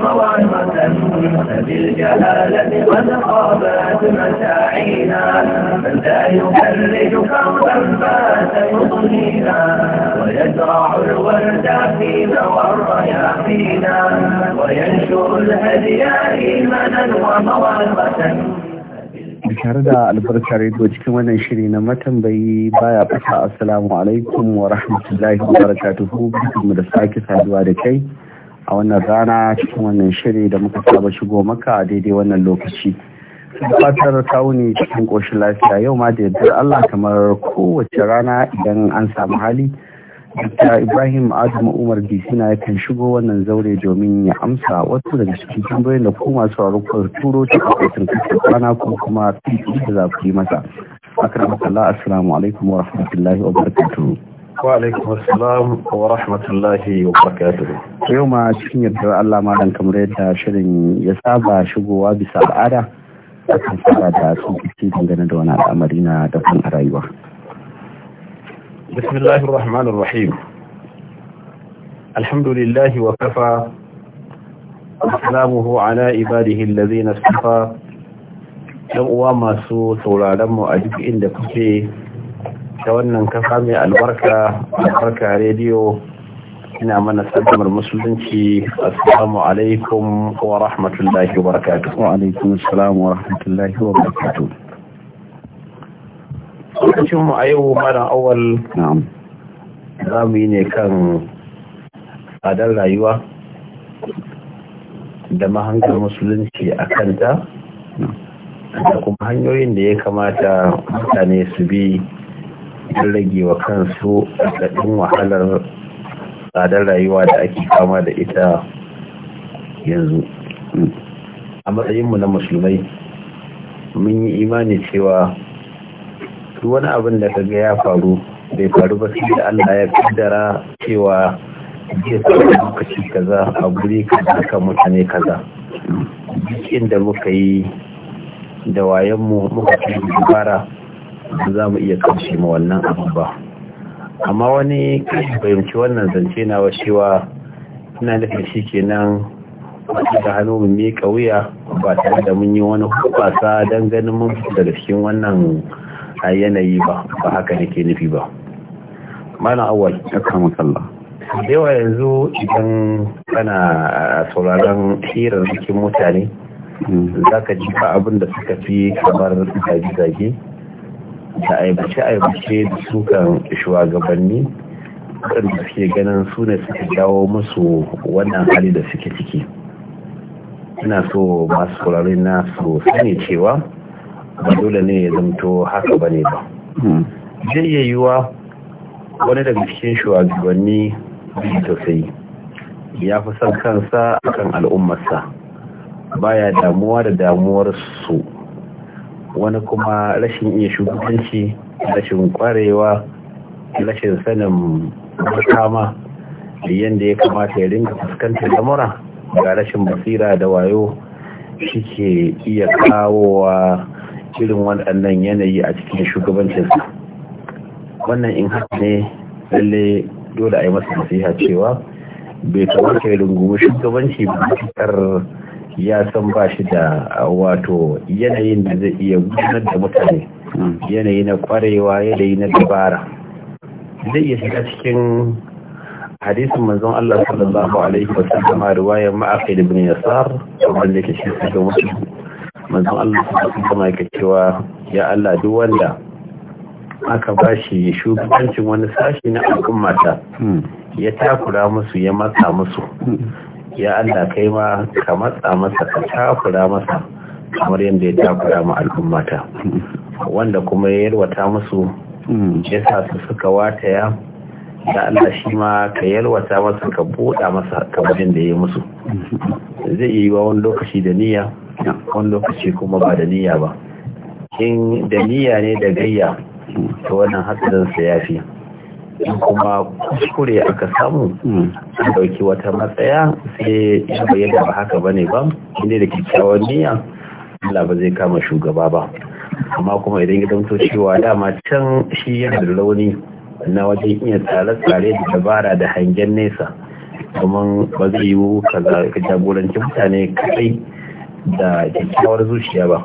موعظة بالجلالة وثقافات مساعينا من لا يفرج كربا فات يضنينا ويزرع الورد فينا والرياحينا وينشر الهدي إيمانا وموعظة tare da albarka rediyo cikin wannan shiri na matambayi baya fata assalamu alaikum wa rahmatullahi wa barakatuhu barkamu da sake saduwa da kai a wannan rana cikin wannan shiri da muka saba shigo maka a daidai wannan lokaci fatar kawuni cikin ƙoshin lafiya yau ma da yadda Allah kamar kowace rana idan an samu hali Dr. Ibrahim Adamu Umar Bisina yakan shigo wannan zaure domin ya amsa wasu daga cikin tambayoyin da kuma masu rarrukar turo ta kwakwatin kwana ko kuma da za ku yi masa. Akan Allah, Assalamu alaikum wa rahmatullahi wa barakatuhu. wa wa rahmatullahi wa yau ma cikin yadda Allah malam kamar yadda shirin ya saba shigowa bisa al'ada kan fara da tsokici dangane da wani al'amari na daban a rayuwa bismillahir rahmanir rahim alhamdulillah wa kafa salamuhu ala ibadihi na istafa dan uwa masu sauraron mu a duk inda kuke ta wannan kafa mai albarka albarka rediyo ina mana sabbin musulunci assalamu alaikum wa rahmatullahi wa barakatuh wa alaikum assalam wa rahmatullahi wa barakatuh lokacin mu a yau awal na'am za mu yi ne kan tsadar rayuwa da mahangar musulunci a kanta da kuma hanyoyin da ya kamata mutane su bi don rage wa kansu daɗin wahalar tsadar rayuwa da ake kama da ita yanzu a matsayinmu na musulmai mun yi imani cewa wani abin da kaga ya faru bai faru ba sai da Allah ya kaddara cewa zai faru lokaci kaza a guri kaza kan mutane kaza duk inda muka yi da wayanmu muka fi dubara za mu iya kauce ma wannan abu ba amma wani fahimci wannan zance na washewa ina nufin shi kenan wasu da hannu mu miƙa wuya ba tare da mun yi wani hubasa don ganin mun daga cikin wannan yanayi ba ba haka ke nufi ba malam awal kama sallah yawa yanzu idan kana sauraron hirar cikin mutane hmm. za ka ji abin da suka fi kamar zage-zage da aibace-aibace da sukan shugabanni waɗanda suke ganin su ne suka jawo musu wannan hali da suke ciki ina so masu kurare na su sani cewa ba dole ne ya zamto haka ba ne ba hmm. zai iya yiwuwa wani daga cikin shugabanni biyu tausayi ya fi son kansa akan al'ummarsa baya damuwa da damuwar su wani kuma rashin iya shugabanci rashin kwarewa rashin sanin makama da yadda ya kamata ya ringa fuskantar lamura ga rashin basira da wayo shi ke iya kawowa irin waɗannan yanayi a cikin shugabancinsa wannan in haka ne lalle dole a yi masa nasiha cewa bai kamata ya rungumi shugabanci ba ya san ba shi da wato yanayin da zai iya gudanar da mutane hmm. yanayi na kwarewa yanayi na dabara zai iya shiga cikin hadisin manzon Allah sallallahu alaihi wa sallama riwayar da ibn yasar wanda yake shi cikin wasu manzon Allah sallallahu alaihi wa cewa ya Allah duk wanda aka bashi shugabancin wani sashi na al'ummata hmm. ya takura musu ya matsa musu hmm. ya Allah kai ma ka matsa masa ka takura masa kamar yadda ya takura ma al'ummata wanda kuma ya yalwata musu ya sa su suka wataya ya Allah shi ma ka yalwata masa ka buɗa masa kamar yadda ya yi musu zai yi wa wani lokaci da niyya wani lokaci kuma ba da niyya ba in da niyya ne da gayya to wannan hatsarin sa ya fi in kuma kuskure aka samu hmm. a dauki wata matsaya sai ya bayyana ba haka bane ba inda da kyakkyawar niyya Allah ba zai kama shugaba ba amma kuma idan ya zanto cewa dama can shi yana da launi na wajen iya tsare-tsare da dabara da hangen nesa domin ba zai yiwu ka jagoranci mutane kai da kyakkyawar zuciya ba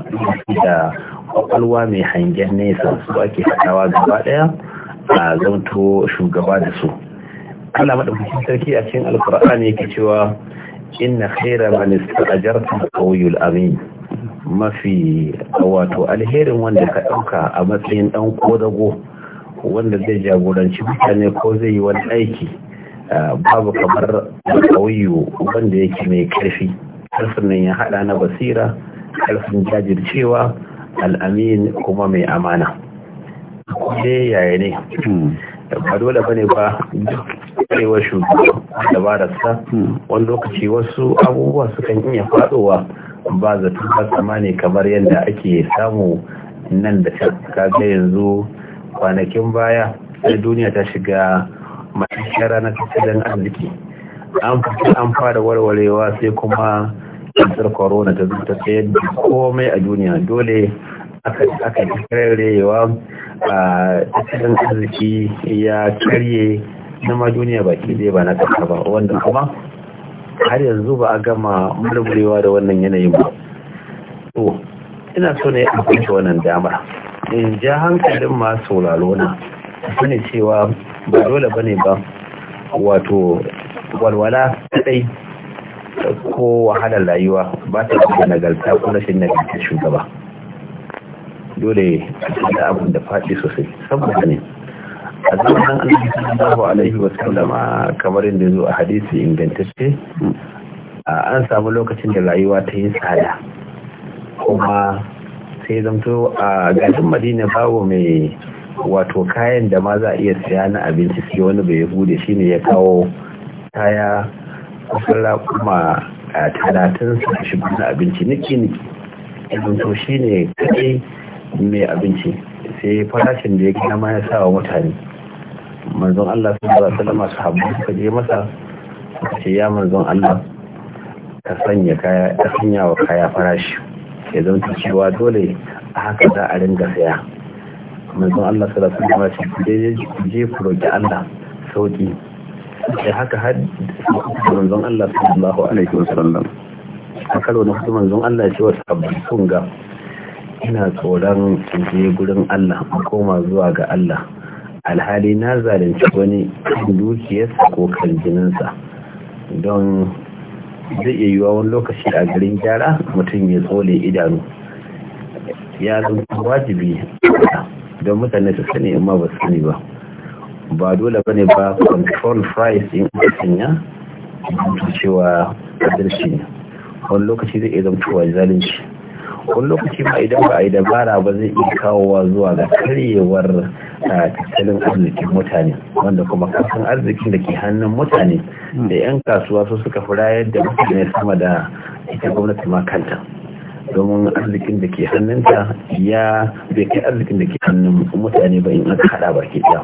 da kwakwalwa mai hangen nesa su ake haɗawa gaba ɗaya a zamto shugaba da su Allah madaukakin sarki a cikin alkur'ani yake cewa inna khaira man istajarta qawiyul amin mafi wato alherin wanda ka ɗauka a matsayin ɗan kodago wanda zai jagoranci mutane ko zai yi wani aiki babu kamar kawiyu wanda yake mai karfi karfin nan ya hada na basira karfin jajircewa al'amin kuma mai amana dai yaya ne ba dole bane ba karewar shugaba sa wani lokaci wasu abubuwa sukan iya fadowa ba zato ba ne kamar yadda ake samu nan da kaga yanzu kwanakin baya sai duniya ta shiga matakin ranar tattalin arziki an fi an fara warwarewa sai kuma cutar corona ta zuta sayar da komai a duniya dole aka yi a cikin arziki ya karye na duniya baki zai ba na kasa ba wanda kuma har yanzu ba a gama murmurewa da wannan yanayin ba to ina so ne a kusa wannan damar in ja hankalin masu lalona na ne cewa ba dole ba ne ba wato walwala kadai ko wahalar rayuwa ba ta da nagarta ko rashin nagarta shugaba dole da abin da faɗi sosai saboda ne a zamanin annabi sallallahu alaihi wa sallam kamar inda zo a hadisi ingantacce an samu lokacin da rayuwa ta yi tsada kuma sai zamto a garin madina babu mai wato kayan da ma za a iya siya na abinci sai wani bai hude shi ne ya kawo kaya kusurla kuma talatin su shi abinci niki niki zamto shi ne kadai mai abinci sai farashin da ya gina ma ya sa wa mutane manzon Allah sun ba su lama su habu suka je masa suka ce ya manzon Allah ka sanya kaya ta sanya wa kaya farashi ya zama cewa dole a haka za a ringa saya manzon Allah sallallahu alaihi wasallam su je je ku roki Allah sauki ya haka har manzon Allah sallallahu alaihi wasallam a karo na hudu manzon Allah ya ce wa sabbin sun ga ina tsoron in je gurin Allah in koma zuwa ga Allah alhali na zalunci wani dukiyarsa ko kan jininsa don zai iya yiwuwa wani lokaci a garin gyara mutum ya tsole idanu ya zama wajibi don mutane su sani amma ba su sani ba ba dole bane ba control price in ya cewa adalci ne wani lokaci zai iya zamtowa zalunci wani lokaci ma idan ba a yi dabara ba zai iya kawowa zuwa ga karyewar ah, tattalin arzikin mutane wanda kuma kasan arzikin da ke hannun mutane hmm. da 'yan kasuwa su suka fi rayar da mutane sama da ita gwamnati ma kanta domin arzikin da ke hannunta ya bai kai arzikin da ke hannun mutane ba in aka hada baki ɗaya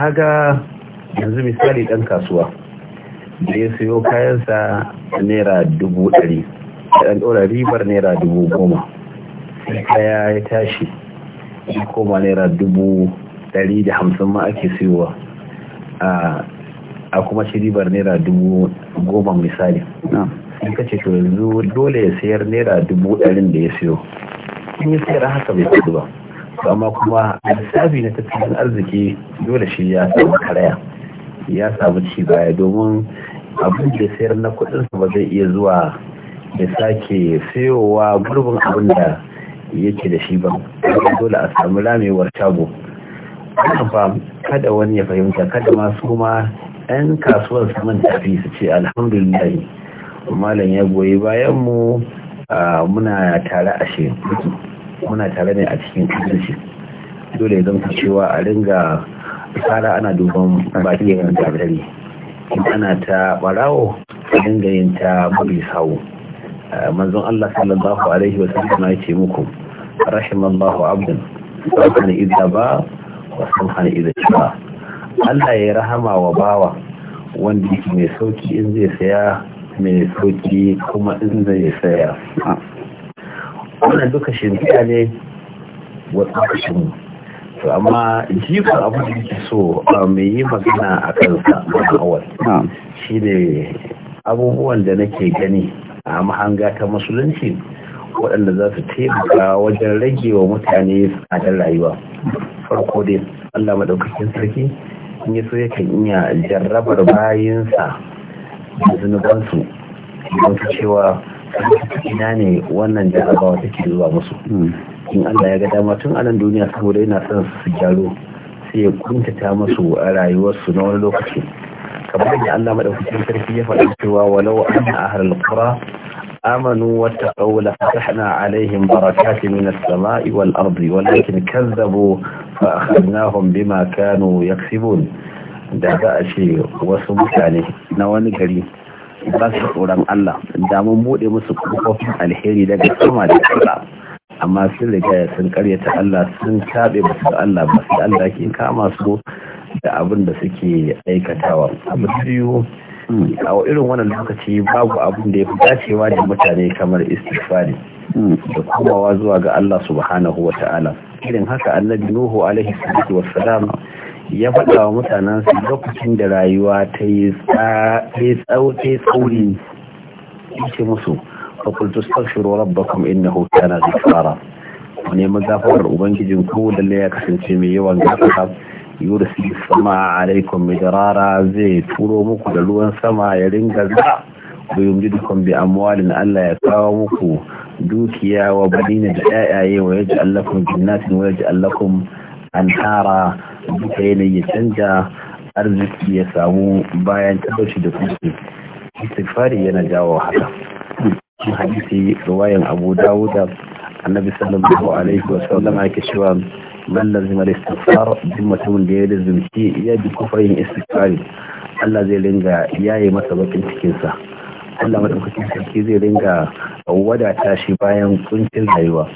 kaga yanzu misali ɗan kasuwa da ya sayo kayansa naira dubu ɗari da ribar naira dubu goma kaya ya tashi ya koma naira dubu ɗari da hamsin ma ake siyowa a kuma shi ribar naira dubu goma misali sai ka ce to yanzu dole ya sayar naira dubu ɗarin da ya siyo in ya sayar haka bai kudu ba amma kuma a lissafi na tattalin arziki dole shi ya samu karaya ya samu ci baya domin abin da sayar na kudinsa ba zai iya zuwa ya sake sayowa gurbin abin da yake da shi ba dole a samu lamewar shago ba kada wani ya fahimta kada masu ma 'yan kasuwar saman tafi su ce alhamdulillah malam ya goyi bayan mu muna tare a shi muna tare ne a cikin kudinci dole zan ku cewa a ringa tsara ana duban baki yin gabari ana ta barawo a ringa yin ta mabisawo manzon Allah sallallahu alaihi wa sallam ya ce muku rahimallahu abdan sabhan idza ba wa sabhan idza sha Allah ya rahama wa bawa wanda yake mai sauki in zai saya mai sauki kuma in zai saya wannan duka shirya ne wa tsakashin to amma jifar abu da yake so mai yi magana a kansa na awal shi ne abubuwan da nake gani a mahanga ta musulunci waɗanda za su taimaka wajen rage wa mutane tsadar rayuwa farko dai allah maɗaukakin sarki in yi so yakan iya jarrabar bayansa da zunubansu don su cewa ina ne wannan jarrabawa take zuwa musu hmm. in allah ya ga dama tun anan duniya saboda yana son su gyaro sai ya kuntata musu a rayuwarsu na wani lokaci kamar da Allah madaukakin sarki ya faɗa cewa walau anna ahlul qura amanu wattaqaw la fatahna alaihim barakatin minas samai wal ardi walakin kazzabu fa akhadnahum bima kanu yaksibun da za a ce wasu mutane na wani gari ba su tsoron Allah da mun buɗe musu kofofin alheri daga sama da kasa amma sun riga sun karyata Allah sun taɓe ba su Allah ba su Allah ke kama su da abin da suke aikatawa abu biyu hmm. a irin wannan lokaci babu abin da ya fi dacewa da mutane kamar istighfari hmm. da komawa zuwa ga Allah subhanahu wa ta'ala irin haka annabi nuhu alaihi salatu wassalam ya faɗa wa mutanen su lokacin da rayuwa ta yi tsauri ce musu fakultu stakshiro rabbakum innahu kana zikara ku nemi gafarar ubangijin ku lalle ya kasance mai yawan gafara yursi sama alaikum midrara zai turo muku da ruwan sama ya ringa za bayan jidukun bi amwalin Allah ya kawo muku dukiya wa banina da ƴaƴaye wa yaji allakum jannatin wa yaji allakum antara duka yanayi ya canja arziki ya samu bayan talauci da kuke istighfari yana jawo haka hadisi ruwayan abu dawuda annabi sallallahu alaihi wa sallama yake cewa man lazima al-istighfar mutumin da ya lazimci ya bi kufrin istighfari Allah zai ringa yaye masa bakin cikin sa Allah madaukakin sarki zai ringa wadata shi bayan kuncin rayuwa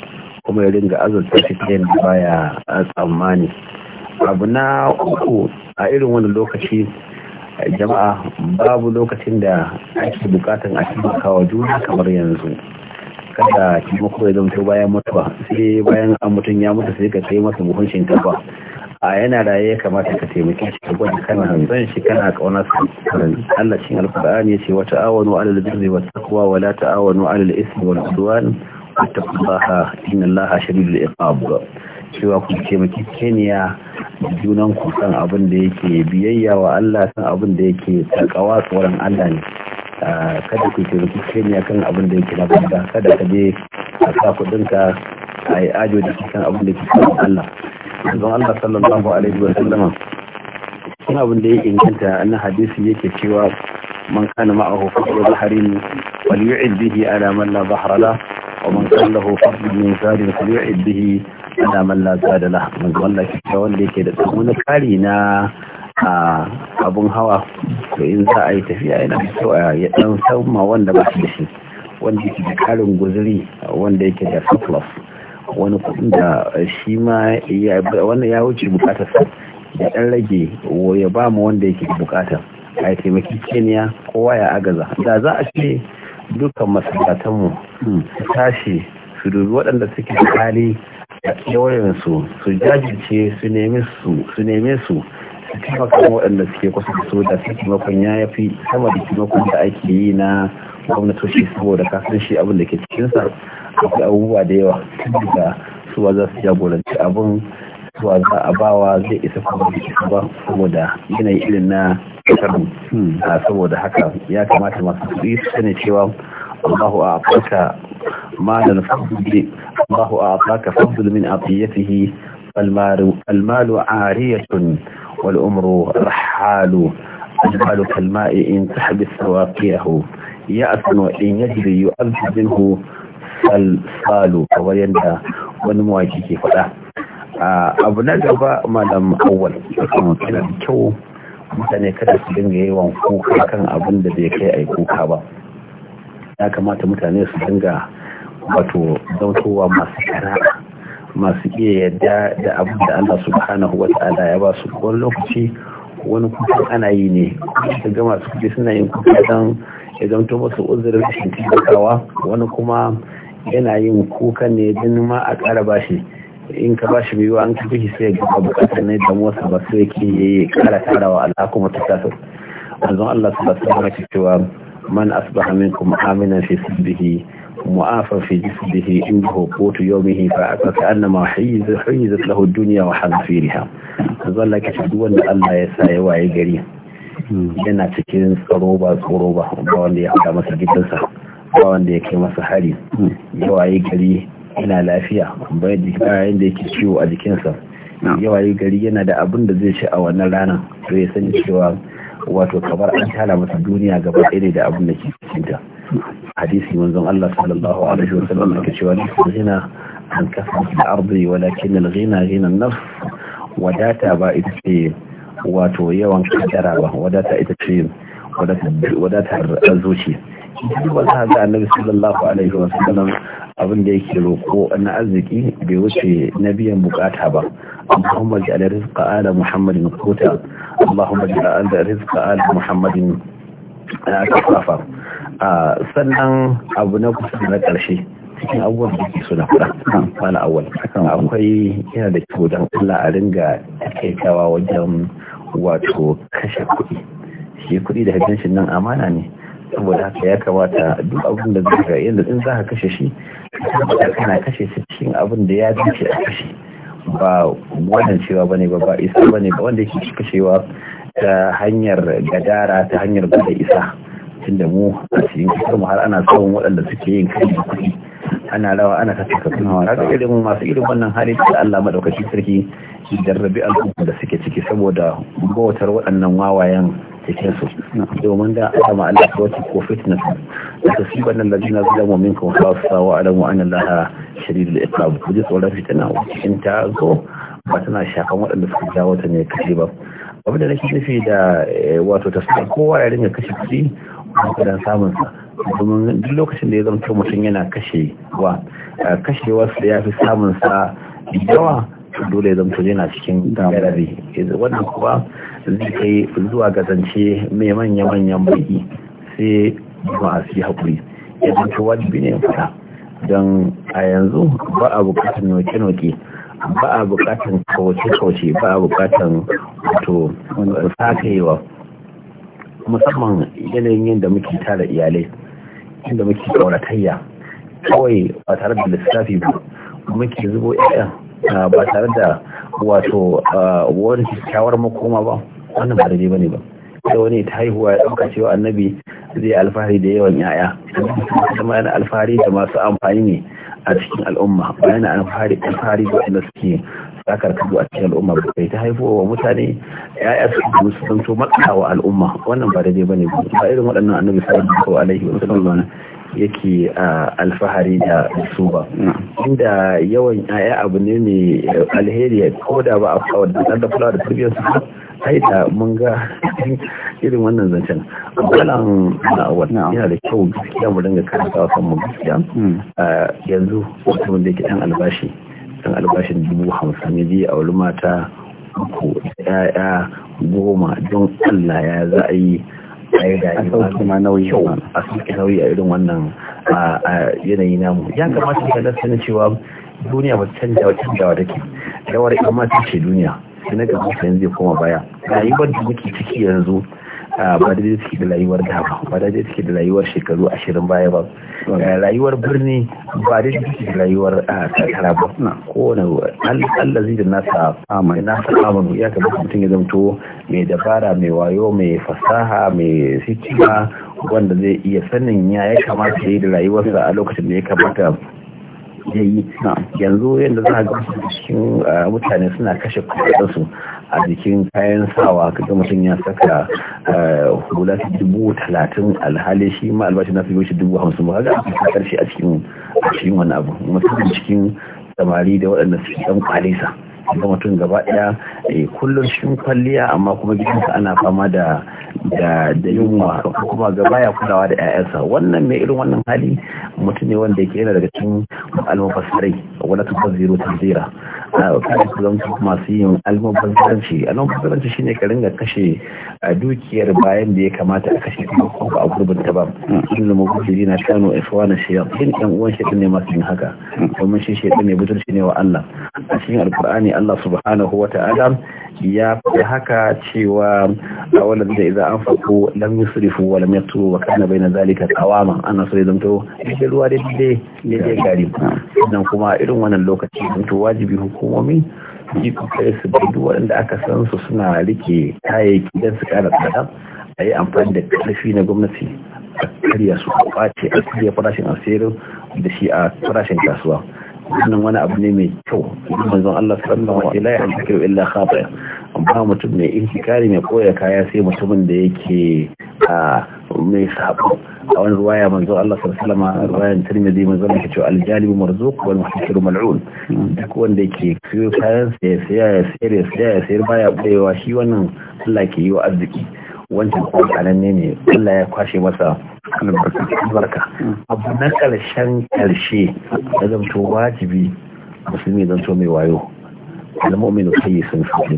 kuma ya ringa azurta shi ta yadda baya tsammani abu na uku a irin wani lokaci jama'a babu lokacin da ake bukatan a taimaka wa juna kamar yanzu kada mako ya zama bayan mutuwa sai bayan an mutum ya mutu sai ka kai masa buhun shinkafa a yana raye ya kamata ka taimake shi ka gwada kana zan shi kana kauna su Allah cikin alkur'ani ya ce wa ta'awanu 'alal birri wat taqwa wa la ta'awanu 'alal ismi wal 'udwan wattaqullaha inna Allaha shadidul iqab cewa ku taimaki keniya junan ku san abin da yake biyayya wa Allah san abin da yake takawa tsoron Allah ne kada ku taimaki kenya kan abin da yake na banza kada ka je a sa kudinka a yi ajo da kan abin da ke kan Allah don Allah sallallahu alaihi wa sallama kun abin da ya inganta na hadisi yake cewa man kana ma'ahu fadlu bahrin wal yu'id bihi ala man la bahra la wa man kana lahu fadlu min zarin fal yu'id bihi ala man la zada la man wanda yake da wanda yake da kari na a abun hawa to in za a yi tafiya yana so a ya dan sauma wanda ba shi da shi wanda yake da karin guzuri wanda yake da surplus wani kudin da shi ma wanda ya wuce bukatar sa ya dan rage ya ba mu wanda yake bukata a taimaki keniya kowa ya agaza da za a ce dukkan mu hmm, su tashi su dubi waɗanda suke hali a kewayensu su jajirce su neme su ta kama waɗanda suke kusa da su da su makon ya yafi sama da taimakon da ake yi na gwamnatoci saboda kasan shi abin da ke cikinsa akwai abubuwa da yawa da suwa za su jagoranci abin suwa za a bawa zai isa kuma da isa ba saboda yanayi irin na karu hmm. saboda haka ya kamata masu kuɗi su sani cewa Allahu a afirka ma da nufi Allahu a afirka fadul min a المال tuni. والأمر رحال أجبال كالماء إن تحبس سواقيه يأس وإن يجري يؤذ منه salsalu kamar yadda wani mawaki ke faɗa abu na gaba malam awwal yana da kyau mutane kada su dinga yawan kuka kan abin da bai kai a kuka ba ya kamata mutane su dinga wato zautowa masu karaa masu iya yadda da abin da Allah subhanahu wa ta'ala ya ba su wani lokaci wani kuka ana yi ne da gama masu kuɗi suna yin kuka don ya zamto masu uzurin rashin wani kuma yana yin kuka ne don ma a ƙara bashi in ka bashi biyu an kafi shi sai gaba bukatar na da motsa ba sai yake yi ƙara tarawa Allah kuma ta tasir wanzan Allah subhanahu wa ta'ala cewa man asbaha minkum aminan fi معافى في جسده عند هبوط يومه فكأنما حيز حيزت له الدنيا وحنفيرها ظل كتدون الله يسعى وعي قريب yana cikin tsaro ba tsoro ba ba wanda ya haɗa masa gidansa ba wanda ya kai masa hari yawaye gari yana lafiya bayan da yake ciwo a jikinsa yawaye gari yana da abin da zai ci a wannan ranar to ya sani cewa wato kamar an tala masa duniya gaba ɗaya da abin da ke cikinta hadisi manzon Allah sallallahu alaihi wa sallam yake cewa zina an kafa da ardi walakin al-ghina ghina an-nafs wadata ba ita ce wato yawan kadara ba wadata ita ce wadatar zuci duk ba za ga annabi sallallahu alaihi wa sallam abin da yake roko na arziki bai wuce na biyan bukata ba Allahumma ja'al rizqa ala Muhammadin ala Muhammadin na kafafa a sannan abu na kusa na ƙarshe cikin abubuwan da ke suna fara mana awal akwai yana da kyau don Allah a ringa kaitawa wajen wato kashe kuɗi shi kuɗi da hajjan shi nan amana ne saboda haka ya kamata duk abin da zai yadda in za ka kashe shi kana kashe shi cikin abin da ya dace a kashe ba wannan cewa bane ba ba isa bane ba wanda yake kashewa ta hanyar gadara ta hanyar bada isa tunda mu a cikin kasar mu har ana samun waɗanda suke yin kai da kuɗi ana rawa ana ta cika tunawa na ga irin masu irin wannan hali da Allah madaukakin sarki jarrabi al'umma da suke ciki saboda bautar waɗannan wawayen cikin su domin da aka ma Allah ta wata ko fitness da ta siba nan lalji na zama min kan hausa wa alamu an Allah shirin da ku ji tsoron fitina cikin ta zo ba tana shakan waɗanda suka jawo ta ne kashi ba abinda nake nufi da eh, wato tasiri kowa ya dinga kashe kuɗi wato dan samun sa domin duk lokacin da ya zama mutum yana kashe wa eh, kashewa su ya fi samun sa yawa dole ya zama yana cikin garari wannan kuwa zai kai zuwa ga zance mai manya-manyan baki sai masu haƙuri ya zama wajibi ne fita don a yanzu ba a bukatar noke-noke ba a bukatan kauce-kauce ba a bukatan to sakewa musamman yanayin yadda muke tara iyalai inda muke kauratayya kawai ba tare da lissafi ba muke zubo 'ya'yan ah, ba tare da wato ah, wani kyakkyawar makoma ba wannan ba daidai ba ne ba da wani ta haihuwa ya ɗauka cewa annabi zai alfahari da yawan 'ya'ya kuma alfahari da masu amfani ne a cikin al'umma bayana an fari an fari wanda suke sakar kudu a cikin al'umma ba kai ta wa mutane ya'ya su da musu zanto makawa al'umma wannan ba daidai bane ba irin waɗannan annabi sallallahu alaihi wa sallam yake alfahari da su ba inda yawan ya'ya abu ne mai alheri ko da ba a kawo da fulawa da turbiyar su ai da mun ga irin wannan zancen wannan yana da kyau gaskiya mu dinga karanta wa kanmu gaskiya hmm. yanzu wata wanda yake dan albashi dan albashin dubu hamsin ya ji a wani mata uku ya'ya goma don allah ya za a yi a yi ma nauyi a sauki nauyi a irin wannan yanayi namu ya kamata ka da sanin cewa duniya ba canjawa canjawa take yawar ita ma ce duniya sai na gaba sai zai koma baya rayuwar da muke ciki yanzu ba da suke da rayuwar da ba ba da da rayuwar shekaru ashirin baya ba rayuwar birni ba da suke da rayuwar karkara ba kowane allah zai da nasa amanu nasa amanu ya kamata mutum ya zamto mai dabara mai wayo mai fasaha mai sitima. wanda zai iya sanin ya ya kamata ya yi da rayuwarsa a lokacin da ya kamata ya yanzu yadda za a ga cikin mutane suna kashe kuɗinsu a jikin kayan sawa kaga mutum ya saka hula su dubu talatin alhali shi ma albashi na fiye shi dubu hamsin ba ga a karshe a cikin wani abu mutum cikin samari da waɗanda suke ɗan kwalisa ga mutum gaba ɗaya eh, kullum cikin kwalliya amma kuma gidansa ana fama da da yunwa kuma gaba ya kulawa da 'ya'yansa wannan mai irin wannan hali mutum ne wanda ke yana daga cikin almubasirai wadda ta baziro a kan zan masu yin almubasiranci almubasiranci shine ka ringa kashe ah, dukiyar bayan da ya kamata a kashe kuma a gurbin ta ba inda mubasiri na kano iswana yin yan uwan shaɗin ne masu yin haka domin shi shaɗin ne budurci ne wa Allah a cikin alkur'ani Allah subhanahu wa ta'ala ya faɗi haka cewa a wannan da idan an faɗo lam yusrifu wa lam wa kana baina zalika qawama ana so ya zanto da ruwa da dai ne gari sannan kuma irin wannan lokaci to wajibi hukumomi yi kokarin su bi duk waɗanda aka san su suna rike kayayyaki don su kara tsada a yi amfani da ƙarfi na gwamnati a karya su a ɓace a karya farashin asirin da shi a farashin kasuwa wannan wani abu ne mai kyau manzon Allah sallallahu alaihi wa sallam ya ce illa khata amma mutum mai intikari mai koya kaya sai mutumin da yake a mai sabo a wani ruwaya manzo Allah sallallahu alaihi ruwayan Tirmidhi manzo Allah ya ce al-jalib marzuq wal mal'un duk wanda yake kiyo kayan sai sai ya sayar sai ya sayar baya bayewa shi wannan Allah ke yi arziki wancan kwanan ne Allah ya kwashe masa albarka hmm. abu na karshen karshe, ya zamto wajibi musulmi zanto mai wayo da kai sun fi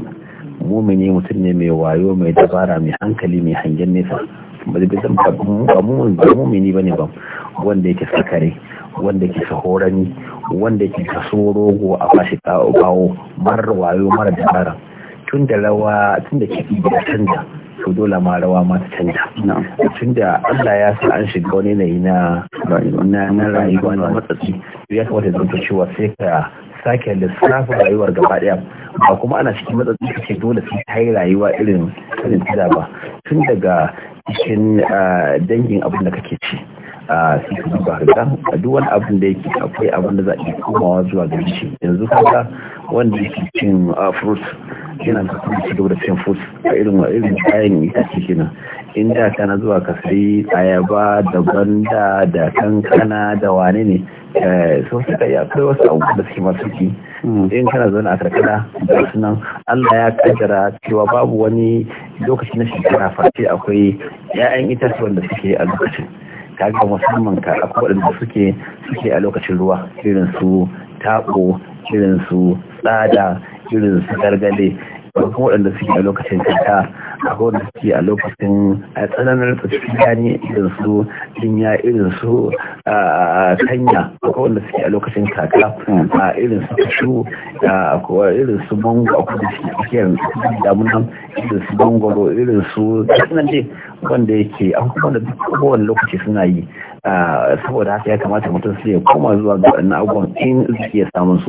mumini mutum ne mai wayo mai dabara mai hankali mai hangen nesa ba mumini ba ne ba wanda yake sakare wanda yake sahorani wanda yake kaso rogo a fashi bawo marar wayo mara dabara tun da rawa tun da kiɗi da canja to dole ma rawa ma ta canja tunda Allah ya sa an shiga wani yanayi na na rayuwa na matsatsi ya kamata zanto cewa sai ka sake lissafin rayuwar gaba daya ba kuma ana cikin matsatsi kake dole sai ta yi rayuwa irin irin ba tun daga cikin ah, dangin abin da kake ci a cikin duba a duk wani abin da yake akwai abin da za a komawa zuwa ga shi yanzu kaga wanda yake cin fruit yana da kuma ci da cin fruit a irin irin kayan itace kenan in da kana zuwa ka ayaba da banda da kankana da wane ne sun eh, suka yi akwai wasu abubuwa da suke masu ki hmm. in kana zaune a karkara da sunan allah ya kaddara cewa babu wani lokaci na shekara face akwai 'ya'yan itatuwan wanda suke a lokacin kaga musamman ka waɗanda suke suke a lokacin ruwa irin su taɓo irin su tsada irin su gargale Akwai waɗanda suke a lokacin kanta akwai waɗanda suke a lokacin a tsananar tafiya ne irin su jinya irin su kanya akwai waɗanda suke a lokacin kaka a irin su kashu akwai irin su mango akwai da suke tsakiyar damuna irin su mangoro irin su nan wanda yake akwai wanda duk kowane lokaci suna yi Ah, saboda haka ya kamata mutum su ya koma zuwa ga waɗannan abubuwan in su iya samun su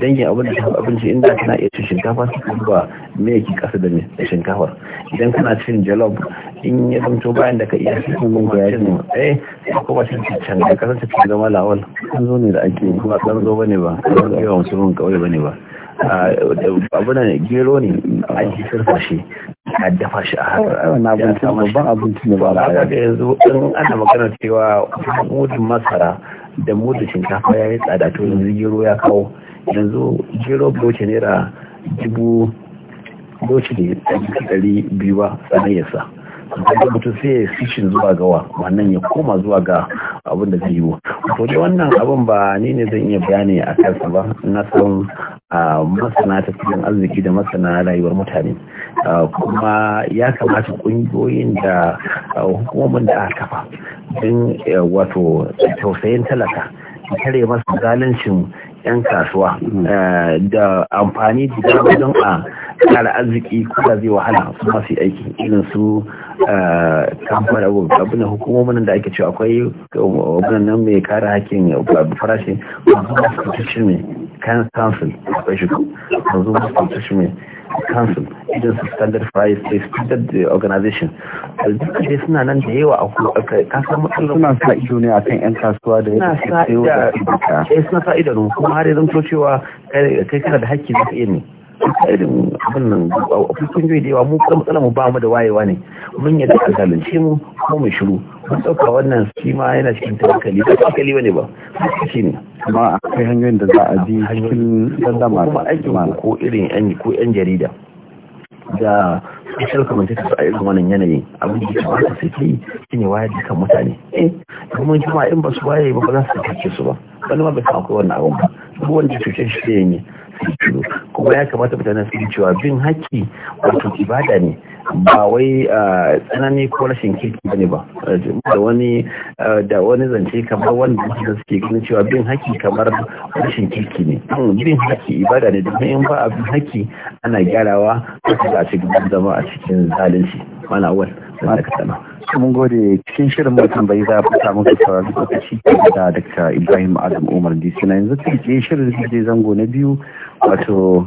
dangin abin da shafi abinci inda kana iya cin shinkafa su ka zuwa me yake kasa da shinkafar idan kana cin jalof in ya zanto bayan da ka iya ya cin eh kuma cin can da kasance cikin zama lawal kan zo ne da ake ba kan zo ne ba kan zo ba ba Ah, abunan gero ne an ji sarfa shi a dafa shi a haka wani abinci babban abinci ne ba da yanzu in ana magana cewa mudun masara da mudun shinkafa ya yi tsada to yanzu gero ya kawo yanzu gero bauchi naira dubu bauchi ne ɗari biyu ba tsanayarsa da mutum sai ya fice zuwa ga wannan ya koma zuwa ga abin da zai yi to dai wannan abin ba ni ne zan iya bayani a kansa ba na san masana ta cikin arziki da masana rayuwar mutane kuma ya kamata kungiyoyin da hukumomin da aka kafa don wato tausayin talaka kare masu zaluncin 'yan kasuwa mm. eh, da amfani da wajen a kara arziki kuma zai wahala su masu aiki irin su eh, kamfani abubuwan na hukumomin da ake cewa akwai abubuwan nan mai kara hakin farashin masu masu kutushi mai kan council akwai shi masu masu kutushi mai council idan su standard price da standard organization duka dai suna nan da yawa a kasar matsalar suna sa ido ne kan yan kasuwa da yadda suke sayo da eh, suna sa idanu kuma har yanzu cewa kai kana da hakki zaka iya ne irin abin nan ofiskin joyi da yawa mu kuma matsala mu ba mu da wayewa ne mun yadda a zalunce mu ko mu shiru mun ɗauka wannan shi ma yana cikin tawakkali ba tawakkali bane ba shi ne Kuma akwai hanyoyin da za a bi cikin dandama kuma aikin ko irin yan ko yan jarida da social commentators a irin wannan yanayin abin da ya kamata su ke shi ne wayar da kan mutane eh kuma jama'a in ba su waye ba ba za su kake su ba wani ma bai san akwai wannan abin ba duk wanda cutar shi zai yi kuma ya kamata mutane su cewa bin haƙƙi wato ibada ne ba wai tsanani ko rashin kirki bane ba da wani da wani zance kamar wanda mutane suke ganin cewa bin haƙƙi kamar rashin kirki ne hmm, bin haƙƙi ibada ne domin in ba a bin haƙƙi ana gyarawa ko a cikin zama a cikin zalunci mana wal ma da mun gode cikin shirin mutum tambayi za a samu su saurari lokaci da Dr. Ibrahim Adam Umar DC na yanzu cikin shirin zai zango na biyu wato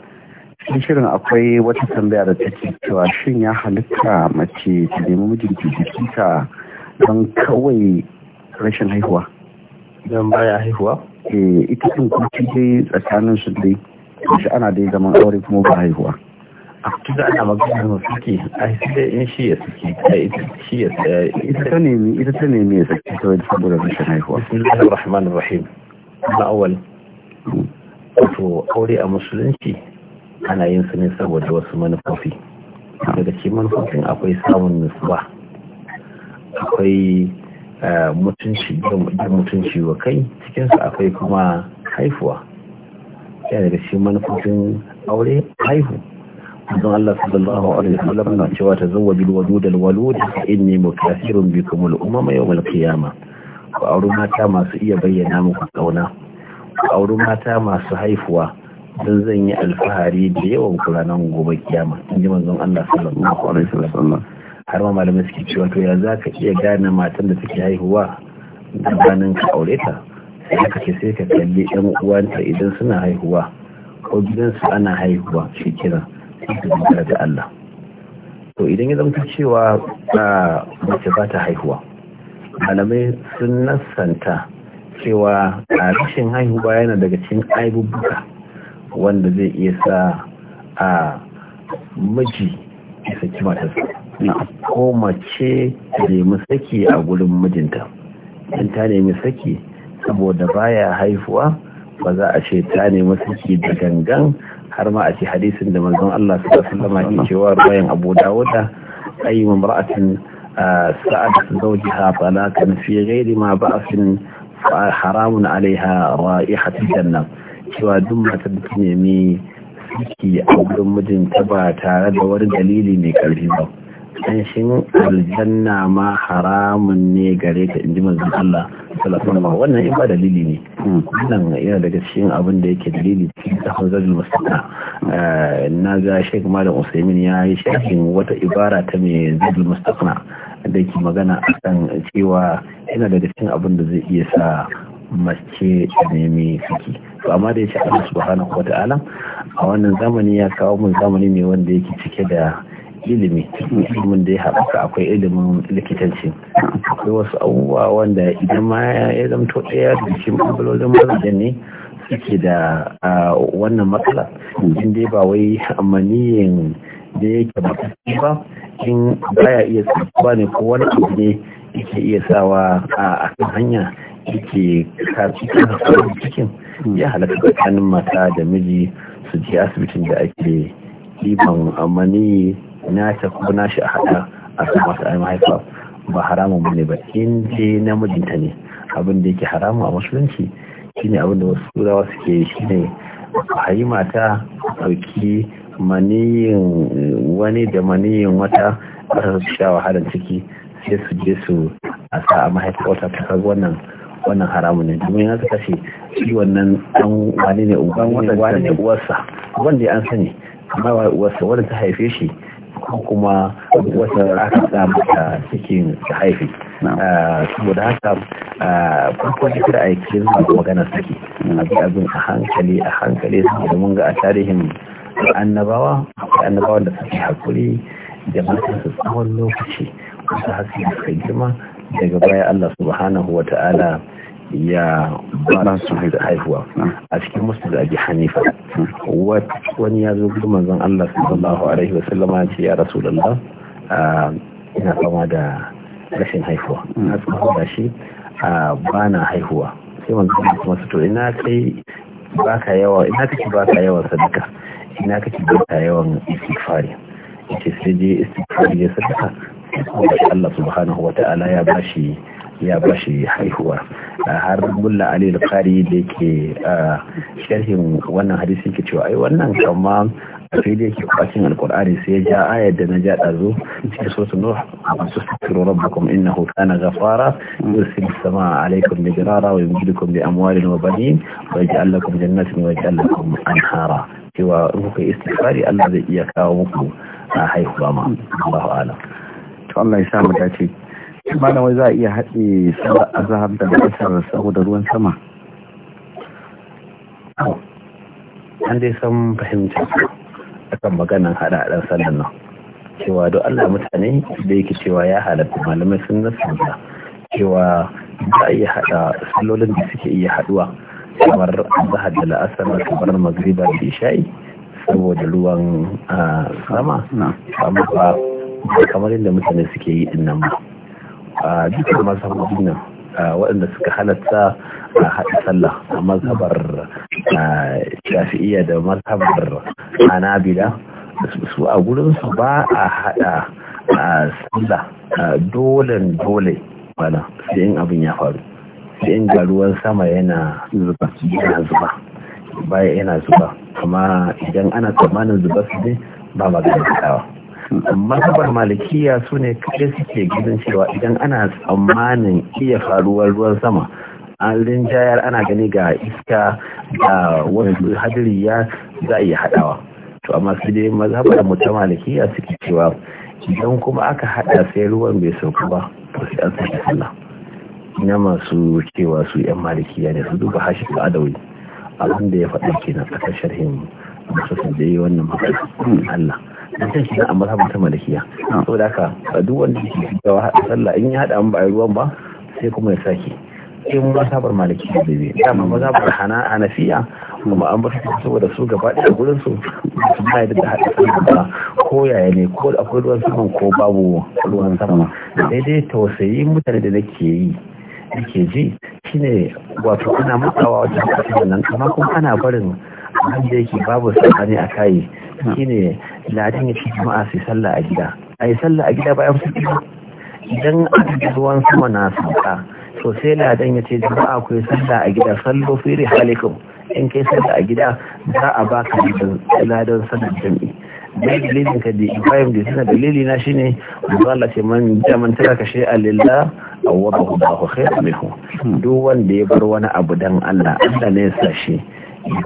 cikin shirin akwai wata tambaya da take cewa shin ya halitta mace ta nemi mijinki jikinta don kawai rashin haihuwa don baya haihuwa eh ita din kuma dai tsakanin su dai shi ana dai zaman aure kuma ba haihuwa a da ana magana da suke a da in shi ya suke ta ita shi ya ita ta nemi ita ta nemi ya sake ta wani saboda rashin haihuwa bismillahir rahmanir rahim na awal hmm. wato aure a musulunci ana yin su ne saboda wasu manufofi daga cikin manufofin akwai samun nutsuwa akwai eh, mutunci da mutunci wa kai cikinsu akwai kuma haifuwa yana daga cikin manufofin aure haihu don Allah sallallahu alaihi sallam na cewa ta zuwa bil wadud al walud inni mukathirun bikum al umam yawm al qiyama ku auri mata masu iya bayyana muku kauna ku auri mata masu haifuwa don zan yi alfahari da yawan nan gobe kiyama in ji manzon Allah sallallahu alaihi sallam har ma malamai suke cewa to ya zaka iya gane matan da suke haihuwa ganin ka aure ta sai ka ce sai ka kalli yan uwanta idan suna haihuwa ko gidansu ana haihuwa shi kira sai ka da Allah to idan ya zama cewa mace ba ta haihuwa malamai sun nasanta cewa a rashin haihuwa yana daga cikin aibubuka wanda zai iya sa a miji ya saki matarsa ko mace ta nemi saki a gurin mijinta in ta nemi saki saboda baya haifuwa ba za a ce ta nemi saki da gangan har ma a ce hadisin da manzon Allah sallallahu alaihi wasallam cewa ruwayan Abu Dawuda ayi mamra'atin sa'adat zawjiha kan fi ghairi ma ba'asin haramun alaiha ra'ihatu nan cewa duk matar da ta nemi suke a wurin mijinta ba tare da wani dalili mai karfi ba shin aljanna ma haramun ne gare ta inji manzon Allah salafin ma wannan in ba dalili ne wannan yana daga cikin abin da yake dalili cikin tafsir zalul mustana eh, na ga shek Malam Usaimin ya yi shafin wata ibara ta mai zalul mustana da ke magana akan cewa yana daga cikin abin da zai iya sa mace ta nemi ciki, to amma da yake Allah subhanahu wata'ala a wannan zamani ya kawo mun zamani ne wanda yake cike da ilimi ilimin da ya haɓaka akwai ilimin likitanci akwai wasu abubuwa wanda idan ma ya zamto ɗaya da cikin ɓangarorin mazajen ne suke da wannan matsala in dai ba wai amaniyin da yake ba ba in baya iya tsakuwa ne ko wani abu ne yake iya sawa a kan hanya yake kafi kan cikin ya halatta tsakanin mata da miji su je asibitin da ake liban amani na ta na shi a hada a kan masu ayi mahaifa ba haramun bane ba in je namijinta ne abin da yake haramun a musulunci shine abin da wasu turawa suke shine a mata ɗauki maniyin wani da maniyin wata ƙasar su sha wahalar ciki sai su je su a sa a mahaifa wata ta wannan wannan haramun ne domin ya suka ce shi wannan an wani ne uban wani ne uwarsa wanda an sani amma wa uwarsa wanda ta haife shi kuma wata aka samu ta cikin ta haifi ah, saboda haka ah, farko da kira aiki zuwa magana saki a abin a hankali a hankali saboda mun ga a tarihin annabawa da annabawa da suke hakuri da matan su tsawon lokaci wasu hasi da suka girma daga baya Allah subhanahu wa ta'ala ya ba su haihuwa a cikin da ake hanifa wani ya zo gudu manzan Allah sallallahu alaihi wasallama ce ya rasu rasulallah ina fama da rashin haihuwa na tsawon da shi ba na haihuwa sai manzan kuma su to ina kai baka yawa ina kake baka yawan sadaka ina kake baka yawan istighfari ce sai je istighfar ya sadaka Allah subhanahu wata'ala ya bashi ya bashi haihuwa har mulla ali al-qari da yake sharhin wannan hadisi yake cewa ai wannan kama a fili yake bakin alkur'ani sai ya ja ayar da na ja dazo cikin suratul nuh masu sakiru rabbakum innahu kana ghafara yursil samaa alaykum mijrara wa yumdidukum bi amwalin wa banin wa yaj'al lakum jannatin wa yaj'al lakum anhara cewa in kuka istighfari Allah zai iya kawo muku a haihuwa ma Allah alam to Allah ya sa mu dace malam za a iya haɗe sallar azhar da asar saboda ruwan sama an dai san fahimta akan maganan hada dan sallar nan cewa don Allah mutane da yake cewa ya halatta malamai sun nasanta cewa za a iya hada sallolin da suke iya haɗuwa kamar zahar da la'asar kamar magriba da isha'i saboda ruwan sama amma ba kamar yadda mutane suke yi din nan ba masu mazhabobin nan waɗanda suka halatta a haɗa sallah a mazhabar shafi'iyya da mazhabar anabila su a gurinsu ba a haɗa sallah dolen dole bana sai in abin ya faru sai in ga ruwan sama yana zuba baya yana zuba kuma idan ana tsammanin zuba su ne ba magana kaɗawa amma kabar malikiya su ne kaɗai suke gidan cewa idan ana tsammanin iya faruwar ruwan sama an rinjayar ana gani ga iska da wani hadiri ya za a iya hadawa. to amma su dai mazhabar mutu ta malikiya suke cewa idan kuma aka haɗa sai ruwan bai sauka ba to sai an sake sallah na masu cewa su yan malikiya ne su duba hashi ba adawi abinda ya faɗa kina a ƙasar sharhin musulun da yi wannan mafi Allah dan kan shi a mazhabin ta malikiya da haka duk wanda ke gawa sallah in ya haɗa an ba ruwan ba sai kuma ya saki in mazhabar maliki da bai dama mazhabar hana nafiya kuma an bar su saboda su gaba ɗaya gurin su su ba da haɗa sallah ko yaya ne ko akwai ruwan saman ko babu ruwan sama daidai tausayi mutane da nake yi nake ji ne wato ana matsawa wajen kafin wannan amma kuma ana barin wanda yake babu sabani a kayi ne, ladin ya ce jama'a su sallah a gida a yi sallah a gida bayan fiti idan aka ji ruwan sama na sauka to sai ladan ya ce jama'a ku yi sallah a gida sallo fi rihalikum in kai sallah a gida za a baka ladan sallar jami'i da dalilin ka da ibrahim da suna dalili na shine Allah ce man da man tara ka shay'a lillah aw wadahu Allahu khairan minhu duk wanda ya bar wani abu dan Allah Allah ne ya sa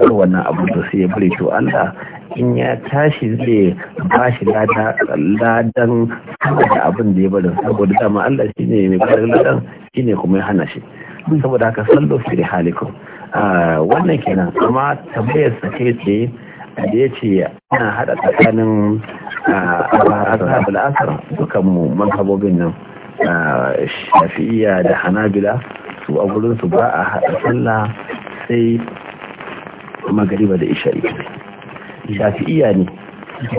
bar wannan abu to sai ya bari to Allah in ya tashi zai ba shi ladan saboda abin da ya bari saboda dama Allah shi ne mai bari ladan shi ne kuma ya hana shi saboda haka sallo fi halikum ah, wannan kenan amma tambayar sake tsaye da ya ce ana haɗa tsakanin ashabul laasar dukan mu mazhabobin nan shafi'iya da hanabila su a su ba a haɗa sallah sai magariba da isha'i shafi'iya ne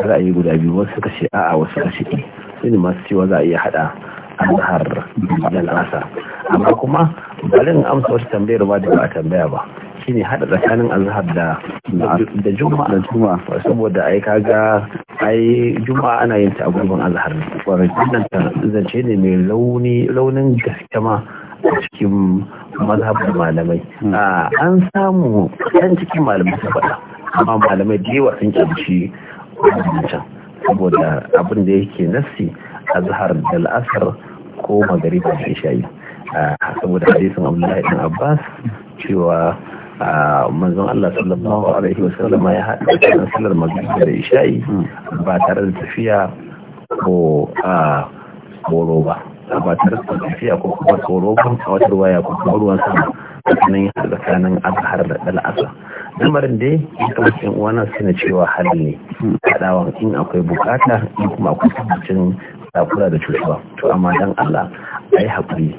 za a yi guda biyu wasu suka ce a'a wasu suka ce eh. su ne masu cewa za a iya haɗa azhar da amma kuma balin amsa wata tambayar ba da ba a tambaya ba ne hada tsakanin azhar da da juma'a juma'a saboda ai kaga ai juma'a ana yin ta a gurbin azhar ne wannan zance ne mai launi launin gaske ma a cikin mazhabin malamai hmm. an samu yan cikin malamai ta faɗa amma malamai da yawa sun kyanci can saboda abin da yake nassi azhar da la'asar ko magariba da shayi saboda hadisin abdullahi ibn abbas cewa a manzon Allah sallallahu alaihi wa sallam ya haɗa da sallar magana da isha'i ba tare da tafiya ko a tsoro ba ba tare da tafiya ko kuma tsoro ko a wata ruwaya ko kuma ruwan sama tsakanin ya tsakanin azhar da al'asa lamarin dai ya kamata cikin uwana suna cewa hali ne haɗawa in akwai bukata in kuma akwai tabbacin takura da cutuwa to amma dan Allah a yi haƙuri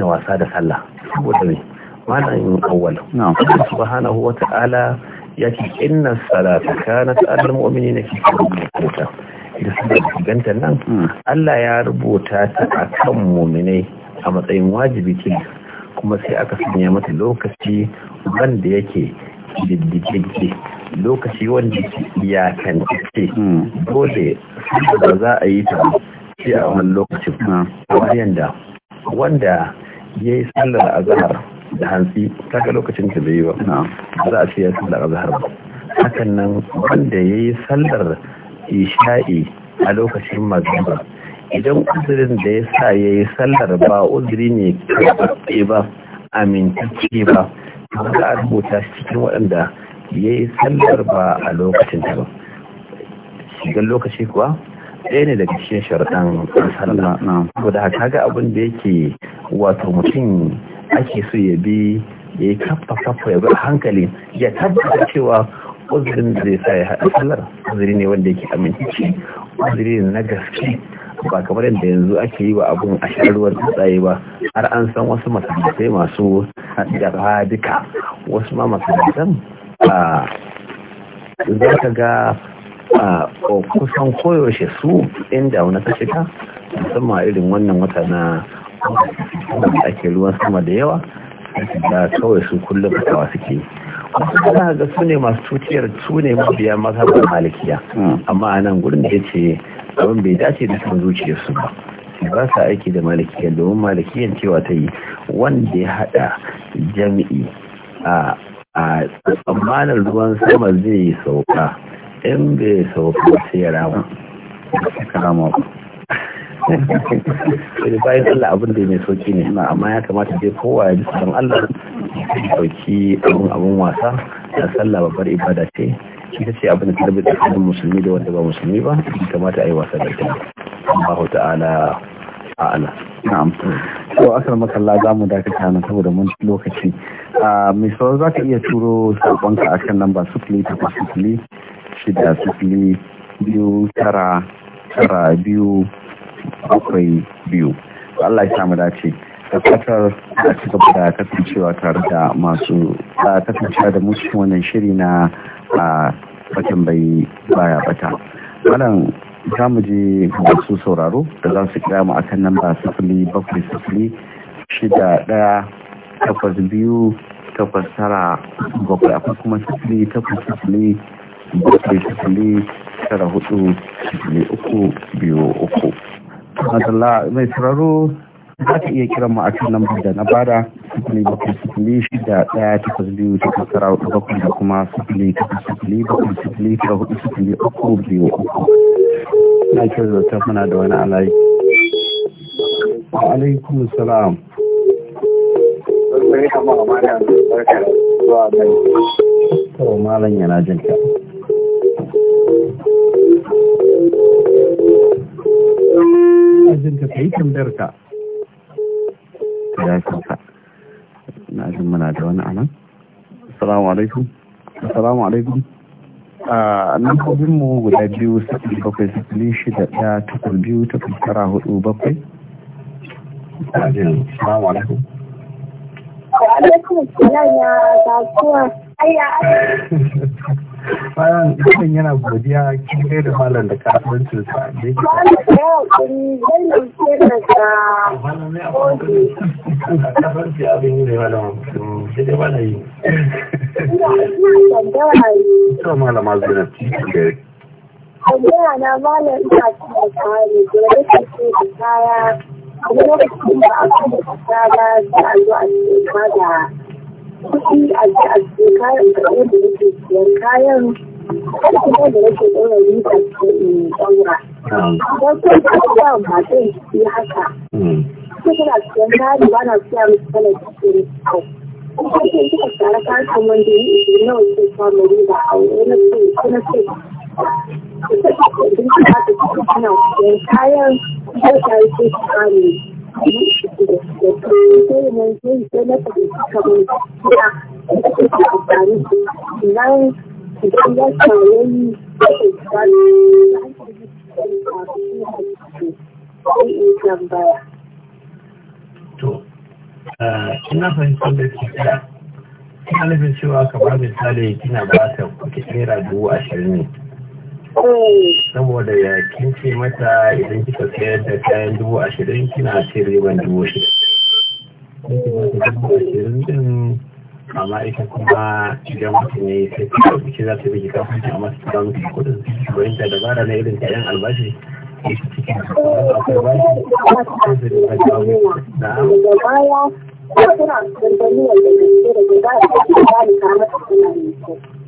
a wasa da sallah saboda ne mana yin awwal subhanahu wa ta'ala yake inna salata kanat ke mu'minina kitaban mawquta da suka ganta nan Allah ya rubuta ta a kan mu'minai a matsayin wajibi ce kuma sai aka sanya mata lokaci wanda yake diddige lokaci wanda yake ce dole ba za a yi ta ce a wani lokacin yanda wanda ya yi sallar azahar da hantsi kaga lokacin ta bai yi ba za a ce ya sallar azhar ba hakan nan wanda ya yi sallar isha'i a lokacin magana idan uzurin da ya sa ya yi sallar ba uzuri ne karɓaɓɓe ba amintacce ba za a rubuta shi cikin waɗanda ya yi sallar ba a lokacin ta ba shigar lokaci kuwa ɗaya ne daga cikin sharaɗan sallah saboda haka ga abin da yake wato mutum ake so ya bi ya yi kafa kafa ya bar hankali ya tabbata cewa uzurin da zai sa ya haɗa sallar uzuri ne wanda yake aminci uzuri ne na gaske ba kamar yadda yanzu ake yi wa abun a sharuwar tsaye ba har an san wasu masallatai masu da duka wasu ma masallatan za ka ga kusan koyaushe su inda wani ta shiga musamman irin wannan wata na ake ruwan sama da yawa da kawai su kullum fitawa suke wasu suna ga sune ne masu tutiyar su ne mabiya mazhabar malikiya amma a nan gudun da ya ce abin bai dace da sun zuciya su ba ba sa aiki da malikiya domin malikiyan cewa ta yi wanda ya hada jami'i a tsammanin ruwan sama zai sauka in bai sauka sai ya ramu da bayan Allah abin da mai sauki ne ina amma ya kamata dai kowa ya ji don Allah sauki abin abin wasa da sallah babbar ibada ce ita ce abin da tarbi tsakanin musulmi da wanda ba musulmi ba ya kamata a yi wasa da ala Allahu ta'ala na na'am to akal makalla za mu dakata na saboda mun lokaci mai sauran za ka iya turo sabonka kan lamba sufili ta sufuli shida sufili biyu tara tara biyu Akwai biyu Allah ya samu dace fatar a ci gaba da kasancewa tare da masu kasancewa da musu wannan shiri na a batan bai baya bata Wannan za mu je masu sauraro da za su kira mu akan namba sifili bakwai sifili shida daya takwas biyu takwas tara bakwai akwai kuma sifili takwas sifili bakwai sifili tara hudu sifili uku biyu uku Alhamdulillah mai sauraro za ka iya kiran mu a kan lambar da na bada sifili bakwai sifili shida ɗaya takwas biyu takwas tara hudu bakwai da kuma sifili takwas sifili bakwai sifili tara hudu sifili uku biyu uku. Na kira zautar muna da wani alayi. Wa alaikum salam. Barka da zuwa mai. Kawo malam yana ka. jin ka kai tambayar ka ya na jin muna da wani anan assalamu alaikum assalamu alaikum a nan mu guda biyu sifili bakwai sifili shida ɗaya takwas biyu takwas tara hudu bakwai assalamu alaikum alaikum bayan idan yana godiya kin gai da malam da kasuwancin sa da yake da na ina da rikici kuma da kuɗi alƙi alƙi kayan da yake siyan kayan kuma da nake ɗora yi a cikin ɗaura. Don kai ta ba matan shi haka. Hmm. Kuma tana siyan kayan ba na siya musu tana cikin kyau. Kuma ke kika tsara kayan kamar da yi ishirin nawa ke samun riba a wani ce kuma ce. ta kudin ta ta cikin kayan kayan kuma ta yi ce kayan. To, eh, ina fahimtar da ke kira, ina nufin cewa kamar misali kina ba ta kuke naira dubu ashirin ne. saboda ya kince mata idan kika sayar da kayan dubu ashirin kina ce riban dubu dubu ashirin din amma ita kuma idan mutum ne sai ta ɗauki za ta bi a kwanci amma su ta mutu kudin bayan ta dabara na irin ta yan albashi da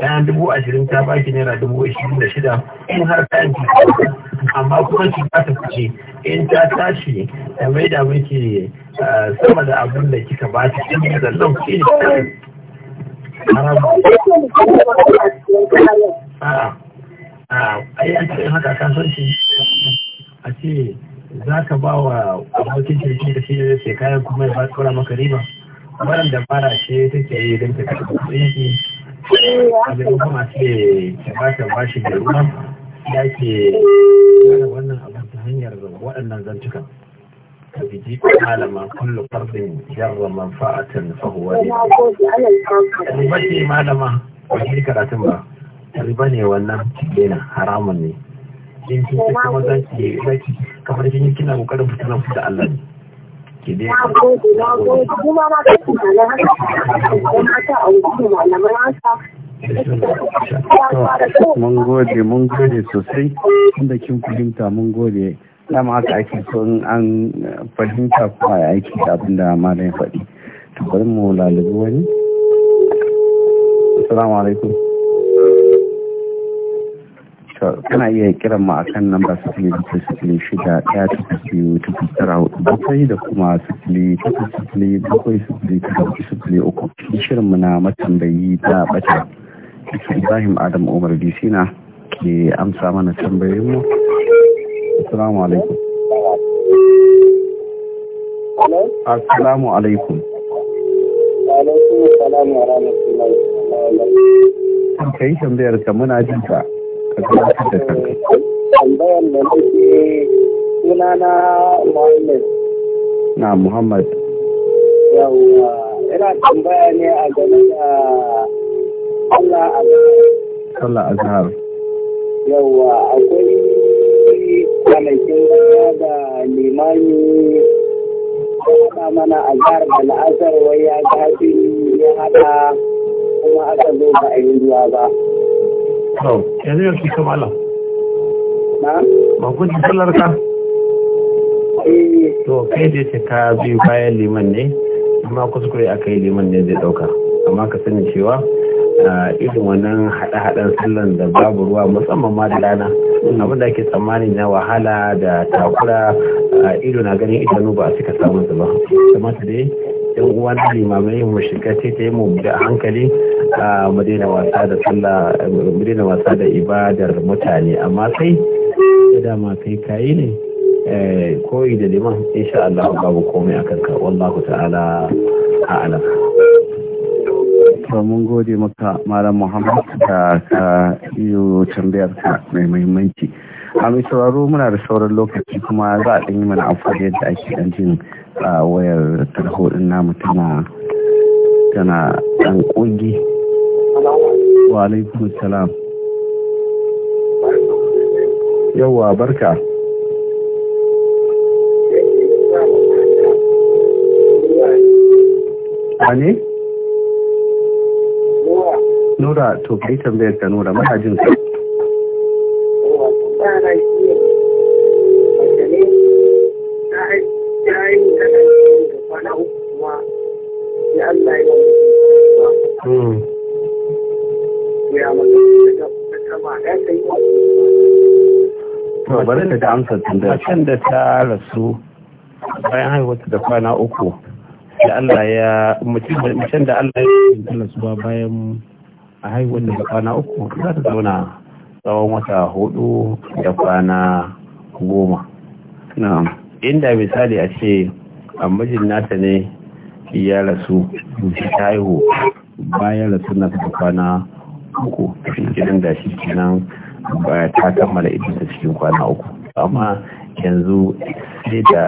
bayan dubu ashirin ta baki naira dubu ashirin da shida in har kayan ki amma kuma ki ba ta fice in ta tashi ta mai da miki sama da abin da kika ba ta in da zallon ki ne a'a a yi an taɓa haka kasuwanci a ce za ka ba wa abokin ciniki da shi da sai kayan kuma ya ba tsora maka riba wannan dabara ce take yi don ta karɓi kuɗin wanda kuma ce bashi da ruwa ya ke wannan abin hanyar waɗannan zantukan ka biji malama kullu fardin jarra manfa'atan fahuwa ne ba ce malama ba shi karatun ba ne wannan yana haramun ne in kuma zaki kamar kin kina kokarin fitar da Allah ne ki dai mun gode mun gode sosai inda kin fahimta mun ake so in an fahimta kuma ya aiki da abin da malam faɗi to alaikum kana iya kiran mu akan namba sifili bakwai sifili shida ɗaya takwas biyu takwas tara hudu bakwai da kuma sifili takwas sifili bakwai sifili takwas sifili uku shirin mu na matambayi ta bata Ibrahim Adam Umar Disina ke amsa mana tambayoyin mu Assalamu alaikum Assalamu alaikum Alaikum assalam alaikum rahmatullahi wa Kai tambayar ka muna jin ka tambayan da nake suna na Muhammad. Na Yawwa, ina tambaya ne a game da Allah Azhar. Allah Azhar. Yawwa, akwai kwanakin baya da limami ya mana azhar da la'azar wai ya gafi ya haɗa kuma aka zo ba a yi ruwa ba. to yanzu yanzu ka mala ba ka to kai da ce ka biyu kayan liman ne amma kuskure aka yi liman ne zai dauka amma ka sani cewa irin wannan haɗe-haɗen sallan da babu ruwa musamman ma da rana abin da ake tsammani na wahala da takura ido na ganin idanu ba a cika samun su ba kamata dai yan uwa na limamai mu shiga ta yi mu da hankali a daina wasa da sallah mu wasa da ibadar mutane amma sai dama kai kayi ne eh, koyi da liman insha Allah babu komai akan ka wallahu ta'ala a'lam mun gode maka malam muhammad da ka yi tambayar ka mai muhimmanci a mai sauraro muna da sauran lokaci kuma za a yi mana amfani yadda ake ɗan jin wayar tarho ɗin namu tana tana ɗan ƙungi wa alaikum salam yawwa barka wane nura to kai tambayar ka nura mahajin ka to bari ta amsa, amsar tambaya da ta rasu bayan haihuwarta da kwana uku da Allah ya mutum da Allah ya ta rasuwa bayan a haihuwar da kwana uku za ta zauna tsawon wata hudu da kwana goma inda misali a ce mijin nata ne ya rasu ta haihu bayan rasu na ta kwana uku shi gidan da shi kenan ba ta kammala idinta cikin kwana uku amma yanzu sai da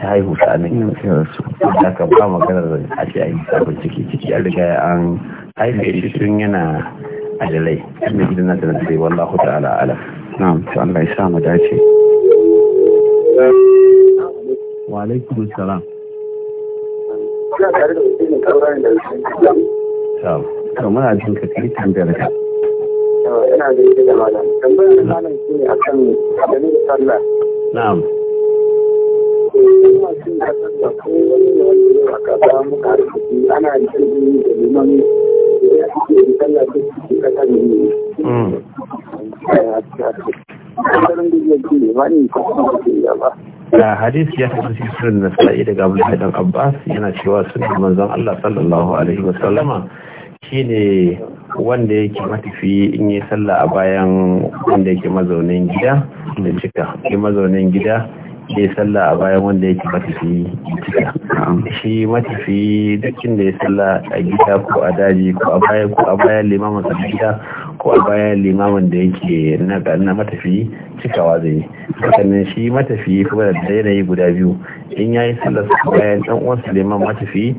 ta haihu sa'anin yin su da ka ba maganar a ce a yi sabon ciki ciki an riga an haife shi tun yana ajalai tun da gidan nasa na tsaye wallahu ta'ala ala na'am to Allah ya sa mu dace wa alaikum salam Ina tare da mutumin kauran da shi. to muna jin ka kai tambayar ka ina da yi da mana, tambayar da mana shi ne kan abin eh, da sallah na'am ana jirgin da liman ya ake da sallah da suke hadisi ya tafi sirrin nasa'i daga abu da abbas yana cewa sunan manzon allah sallallahu alaihi wasallama shine wanda yake matafi in yi sallah a bayan wanda yake mazaunin gida da cika yi mazaunin gida ya sallah a bayan wanda yake matafi cika shi matafi dukkan da ya sallah a gida ko a daji ko a bayan ko a bayan limamin gida ko a bayan limamin da yake na matafi cikawa zai yi sannan shi matafiyi kuma da yanayi guda biyu in ya yi sallar bayan ɗan uwan suleiman matafi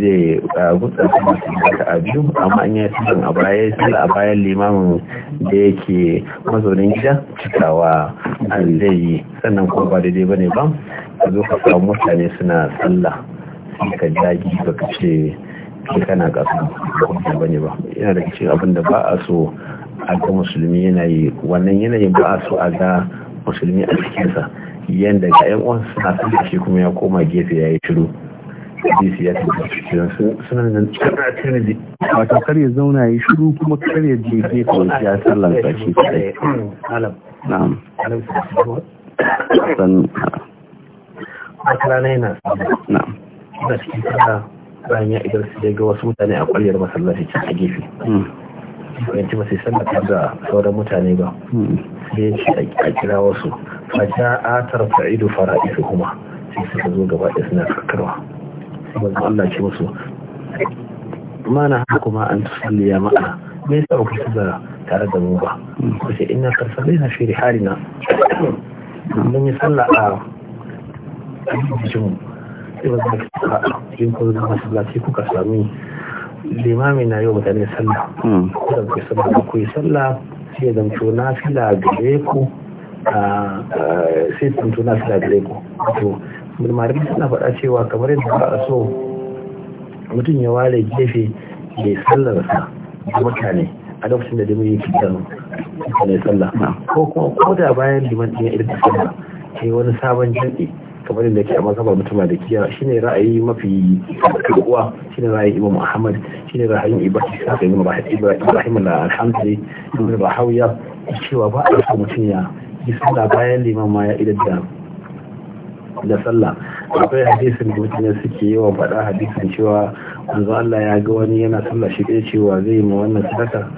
zai gutsa masu a biyu amma an yi sallar a baya sallar a bayan limamin da yake mazaunin gida cikawa zai yi sannan kuma ba daidai bane ba a zo ka samu mutane suna sallah sai ka jagi baka ce ke kana kasan ba ne ba yana da cikin abin da ba a so a ga musulmi yanayi wannan yanayin ba a so a ga musulmi a cikinsa yadda ga yan uwansa suna san da shi kuma ya koma gefe ya yi shiru hadisi ya tafi cikin suna da tsara tirzi kar ya zauna ya shiru kuma kar ya je ya sallan kashi kadai na'am san yana na'am cikin sallah bayan ya idar su daga wasu mutane a kwalliyar masallaci can a gefe yanci hmm. ba sai sallata da sauran mutane ba hmm. sai ya ce a kira wasu fata atar fara fara'isu kuma sai ka zo gaba da suna karkarwa manzo Allah ce musu mana haka kuma an ya ma'a me yasa ba ku shiga tare da mu ba hmm. ku ce ina karsabai na shiri harina mun yi sallah a jikin mu kiran da kuka jin ko da masallaci kuka sami limami na yau mutane sallah da ku sallah ku yi sallah sai ya zanto na fila gare ku sai zanto na fila gare ku to mulmarin suna faɗa cewa kamar yadda ba a so mutum ya ware gefe ya sallarsa da mutane a lokacin da limin yake kan mutane sallah ko kuma ko da bayan liman ɗin ya da sallah sai wani sabon jam'i kamar yadda ke a mazhabar mutum da kiya shine ra'ayi mafi kuwa shine ra'ayi imam muhammad shine ra'ayin ibrahim saka yin ibrahim da alhamdulillah ibn rahawiya cewa ba a so mutum ya yi sallah bayan liman ma ya idar da sallah akwai hadisin da mutane suke yawan faɗa hadisin cewa manzo Allah ya ga wani yana sallah shi ɗaya cewa zai ma wannan sadaka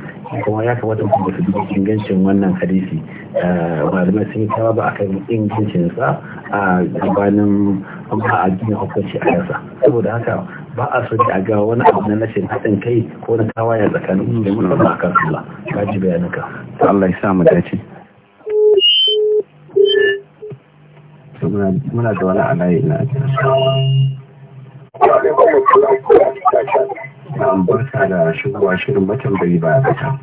kuma ya kamata mu ba su ingancin wannan hadisi eh, malamai sun yi tawa ba akan ingancin sa a gabanin ba a gina hukunci a yasa saboda haka ba a so da ga wani abu na rashin haɗin kai ko na tawaya tsakanin musulmi da akan Allah ka ji bayanuka Allah ya sa mu muna da wani alayi ina ake na ambarka da shigowa shirin matambayi ba ya fata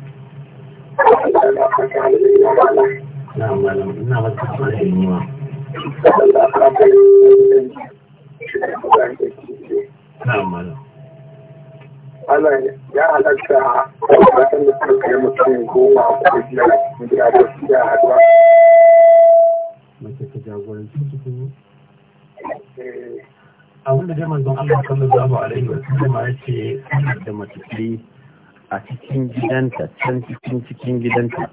na malam ina mata tsoron yi ya halatta wasan da suka kai mutum goma a biyar da su ya haɗuwa mace ta jagoranci cikin abin da jama'a don Allah sallallahu alaihi wa sallam ya ce da mace a cikin gidanta can cikin cikin gidanta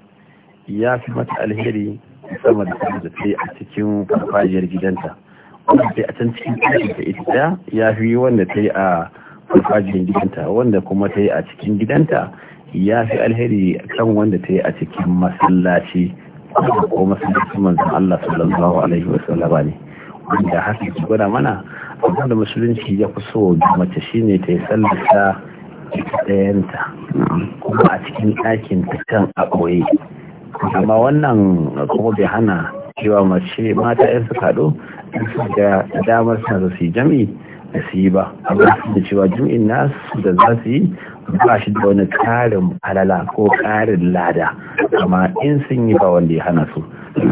ya fi mata alheri sama da kuma da sai a cikin farfajiyar gidanta wanda sai a can cikin cikin ta ita ya fi wanda ta yi a farfajiyar gidanta wanda kuma ta yi a cikin gidanta ya fi alheri kan wanda ta yi a cikin masallaci ko masallacin manzon Allah sallallahu alaihi wa sallam ne wanda haka ki gwada mana abin da musulunci ya fi so mace shine ta yi sallarsa ita ɗayanta kuma a cikin ɗakin ta can a ɓoye amma wannan kuma bai hana cewa mace mata yan suka haɗu su damar suna da su yi jami'i da su yi ba amma da cewa jami'in nasu da za su yi ba shi da wani ƙarin alala ko ƙarin lada amma in sun yi ba wanda ya hana su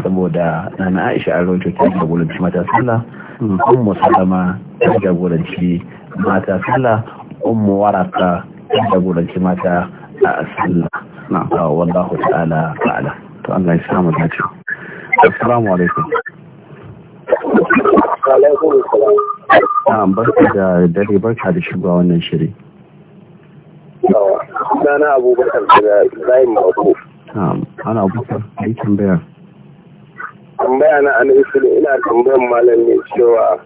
saboda na aisha a rocho ta jagoranci mata sallah ummu salama ta jagoranci mata sallah ummu waraka ta jagoranci mata a sallah na kawo ah, wallahu ta'ala ta'ala to Allah ya samu dace assalamu alaikum Na'am barka da dare barka da shigowa wannan shiri. Sana abubakar daga Ibrahim Bako. Ana abubakar, yi tambaya. Tambaya na an isu ina tambayan malam ne cewa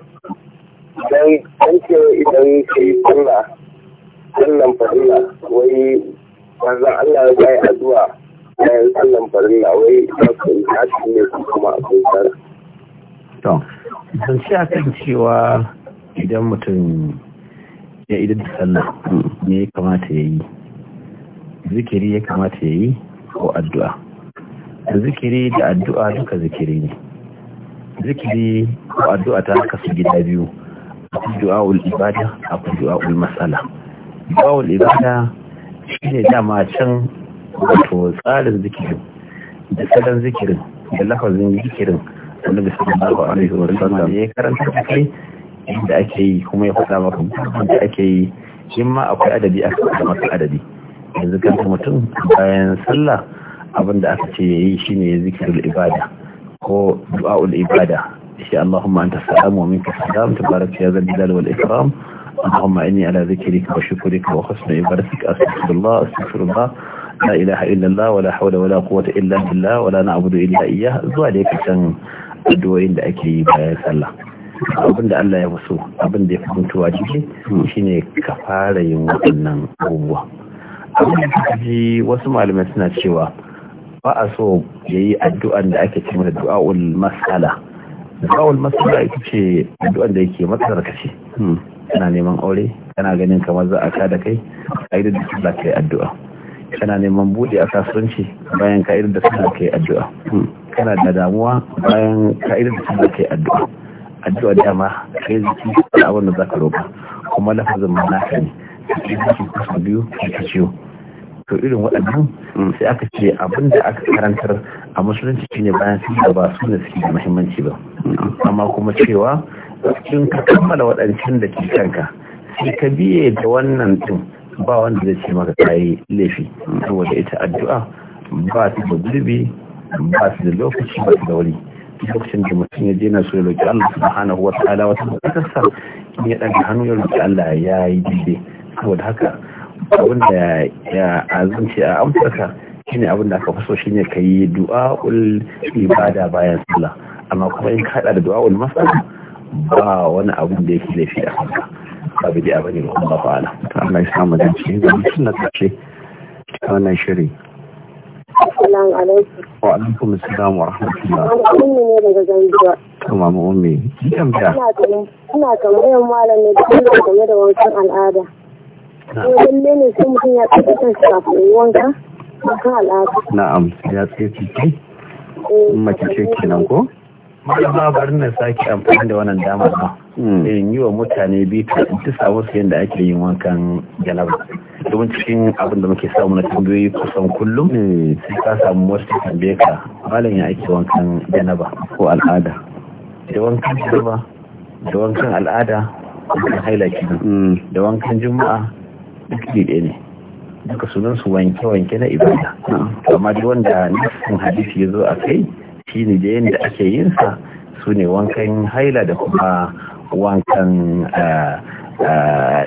idan an idan ka yi sallah, sallan farilla, wai wanzan Allah ya yi addu'a bayan sallan farilla, wai ya kai tashi ne kuma akwai tsara. To, zance a kan cewa idan mutum ya idan da sallah ne ya kamata ya yi zikiri ya kamata ya yi ko addu'a zikiri da addu'a duka zikiri ne zikiri ko addu'a ta haka su gida biyu a akwai du'a'ul ibada a akwai du'a'ul matsala du'a'ul ibada shine dama can wato tsarin zikiri da salon zikirin da lafazin zikirin wani bisa da alaihi wa sallam ya karanta da da ake yi kuma ya faɗa maka mutum da ake yi shi akwai adadi aka faɗa maka adadi yanzu kan mutum bayan sallah abin da aka ce ya yi shine ya zikiru ibada ko du'a'ul ibada shi Allahumma anta salam wa minka salam tabarak ya zal jalal wal ikram Allahumma inni ala zikrika wa shukrika wa husni ibadatik astaghfirullah astaghfirullah la ilaha illallah wa la hawla wa la quwwata illa billah wa la na'budu illa iyyah zuwa dai kan addu'o'in da ake yi bayan sallah abin da Allah ya so, abin da ya fi mutuwa jiki hmm. shine ka fara yin waɗannan abubuwa abin da ji wasu malamai suna cewa ba a so ya yi addu'an da ake cewa da du'a'ul mas'ala du'a'ul mas'ala ita ce addu'an da yake matsalar kashi. Hmm. kana neman aure kana ganin kamar za a ka da kai a yi da sallah kai addu'a kana neman buɗe a kasuwanci bayan ka da sallah kai addu'a hmm. kana da damuwa bayan ka da sallah kai addu'a addu'a dama kai zaki da abin da zaka roƙa kuma lafazin ma naka ne biyu ka ciwo to irin waɗannan mm. sai aka ce abin da aka karantar a musulunci ne bayan sun da ba su ne suke da muhimmanci ba mm. amma kuma cewa cikin ka kammala waɗancan da ke kanka sai ka biye da wannan din ba wanda zai ce maka kayi laifi mm. saboda ita addu'a ba su da gurbi ba su da lokaci ba su da wuri lokacin da mutum ya je na so ya roƙi Allah subhanahu wa ta'ala wata sa in ya ɗaga hannu ya roƙi Allah ya yi daidai saboda haka wanda ya azanci a amfaka, shine abin da aka faso shine ka yi du'a'ul ibada bayan sallah amma kuma in kaɗa da du'a'ul masala ba wani abin da yake laifi a kanka ba bi da abin da na ta wannan Assalamu alaikum. Wa alaikum assalam wa rahmatullah. Ummi ne daga Zanzibar. ummi. Ki tambaya. Ina tambayar malam ne game da wankan al'ada. Ko eh, lalle ne sai mutum ya tsaya kan kafin wanka? Wankan al'ada. Na'am, ya tsaye ciki. Eh, Mace ce kenan ko? malama bari na sake amfani da wannan damar ba. Hmm. in yi wa mutane bita in ci samu su yadda ake yin wankan janaba domin cikin abin da muke samu na tambayoyi kusan kullum hmm. sai ka samu wasu tambaye ka malam ya ake wankan janaba ko al'ada da wankan janaba da wankan al'ada da hailaki hmm. da wankan juma'a duk ɗaya ne duka sunan su wanke-wanke na ibada amma duk wanda nufin hadisi ya zo a kai shine da yadda ake yin sa su ne wankan haila da kuma wankan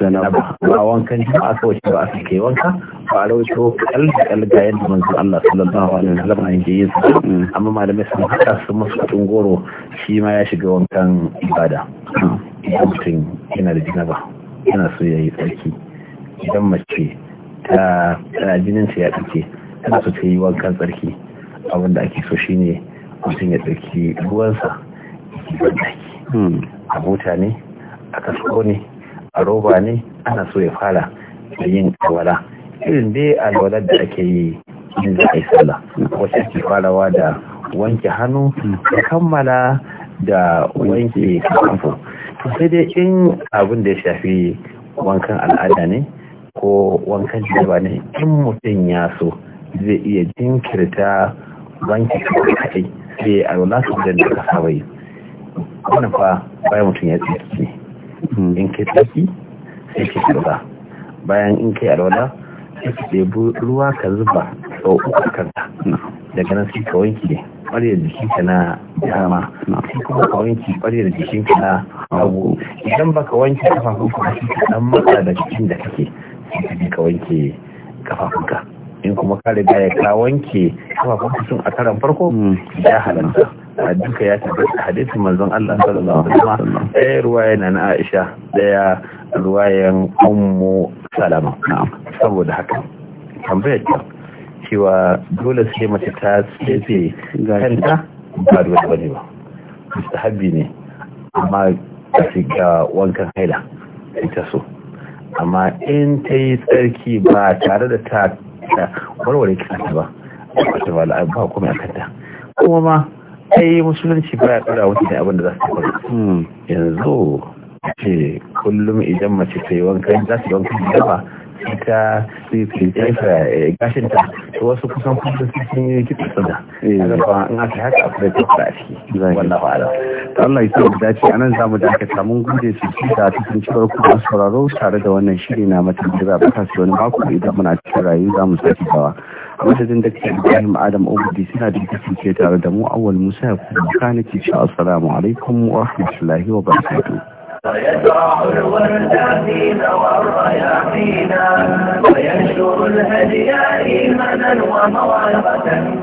zanaba eh, eh, ba wankan jima'a kawai ba a suke wanka ba a rawar kal kalgakal kal ga yadda manzo Allah sallallahu alaihi wasallam an yi su amma malamai sun haka su musu goro shi ma ya shiga wankan ibada idan mutum yana da jinaba yana so ya yi tsarki idan mace ta jininsa ta ya ɗauke tana so ta yi wankan tsarki abin da ake so shine mutum ya ɗauki ruwansa hmm. a mota ne a kasko ne a roba ne ana so ya fara da yin alwala irin dai alwalar da ake yi in za a yi sallah wacce ake farawa da wanke hannu da kammala da wanke kafafu to sai dai in abin da ya shafi wankan al'ada ne ko wankan jaba ne in mutum ya so zai iya jinkirta wanke kaɗai sai eh, a rona su da da kasa bai wani fa bayan mutum ya tsarki hmm. in kai tsaki sai ke alwala bayan in kai alwala sai ka ɗebi ruwa ka zuba sau uku kanta daga nan sai ka wanke jikin ka na dama sai kuma ka wanke jikin ka na hagu idan ba ka wanke kafafunka ba sai ka dan matsa da jikin da kake sai ka wanke kafafunka in kuma ka riga ya ka wanke kafafun sun a karan farko hmm. ya halanta a duka ya tabbata hadisin manzon Allah sallallahu alaihi wasallam ɗaya ruwayan na Aisha ɗaya ruwayan Ummu Salama saboda haka tambayar ta cewa dole sai mace ta tsefe kanta ba dole bane ba mustahabi ne amma ta shiga wankan haila ita so amma in ta yi tsarki ba tare da ta ta warware kanta ba ta ba la'a ba kuma a kanta kuma ma ai musulunci ba ya dora wata da abin za su fara hmm. yanzu ce kullum idan mace ta yi wankan za su yi wankan gaba ta tsefa eh, gashin ta wasu kusan kusan sun yi su da zaba eh. in aka haka ta tattara a ciki wanda ala Allah ya da dace anan za mu dakata mun gude su ci da cikin cibar ku da sauraro tare da wannan shiri na matan da ba su wani mako idan muna cikin rayu za mu saki gawa a zin da ke Ibrahim Adam Obudi suna da suke tare da mu awal Musa ya kuma ke sha assalamu alaikum wa rahmatullahi wa barakatuh ويزرع الورد فينا والرياحينا وينشر الهدي إيمانا وموعظة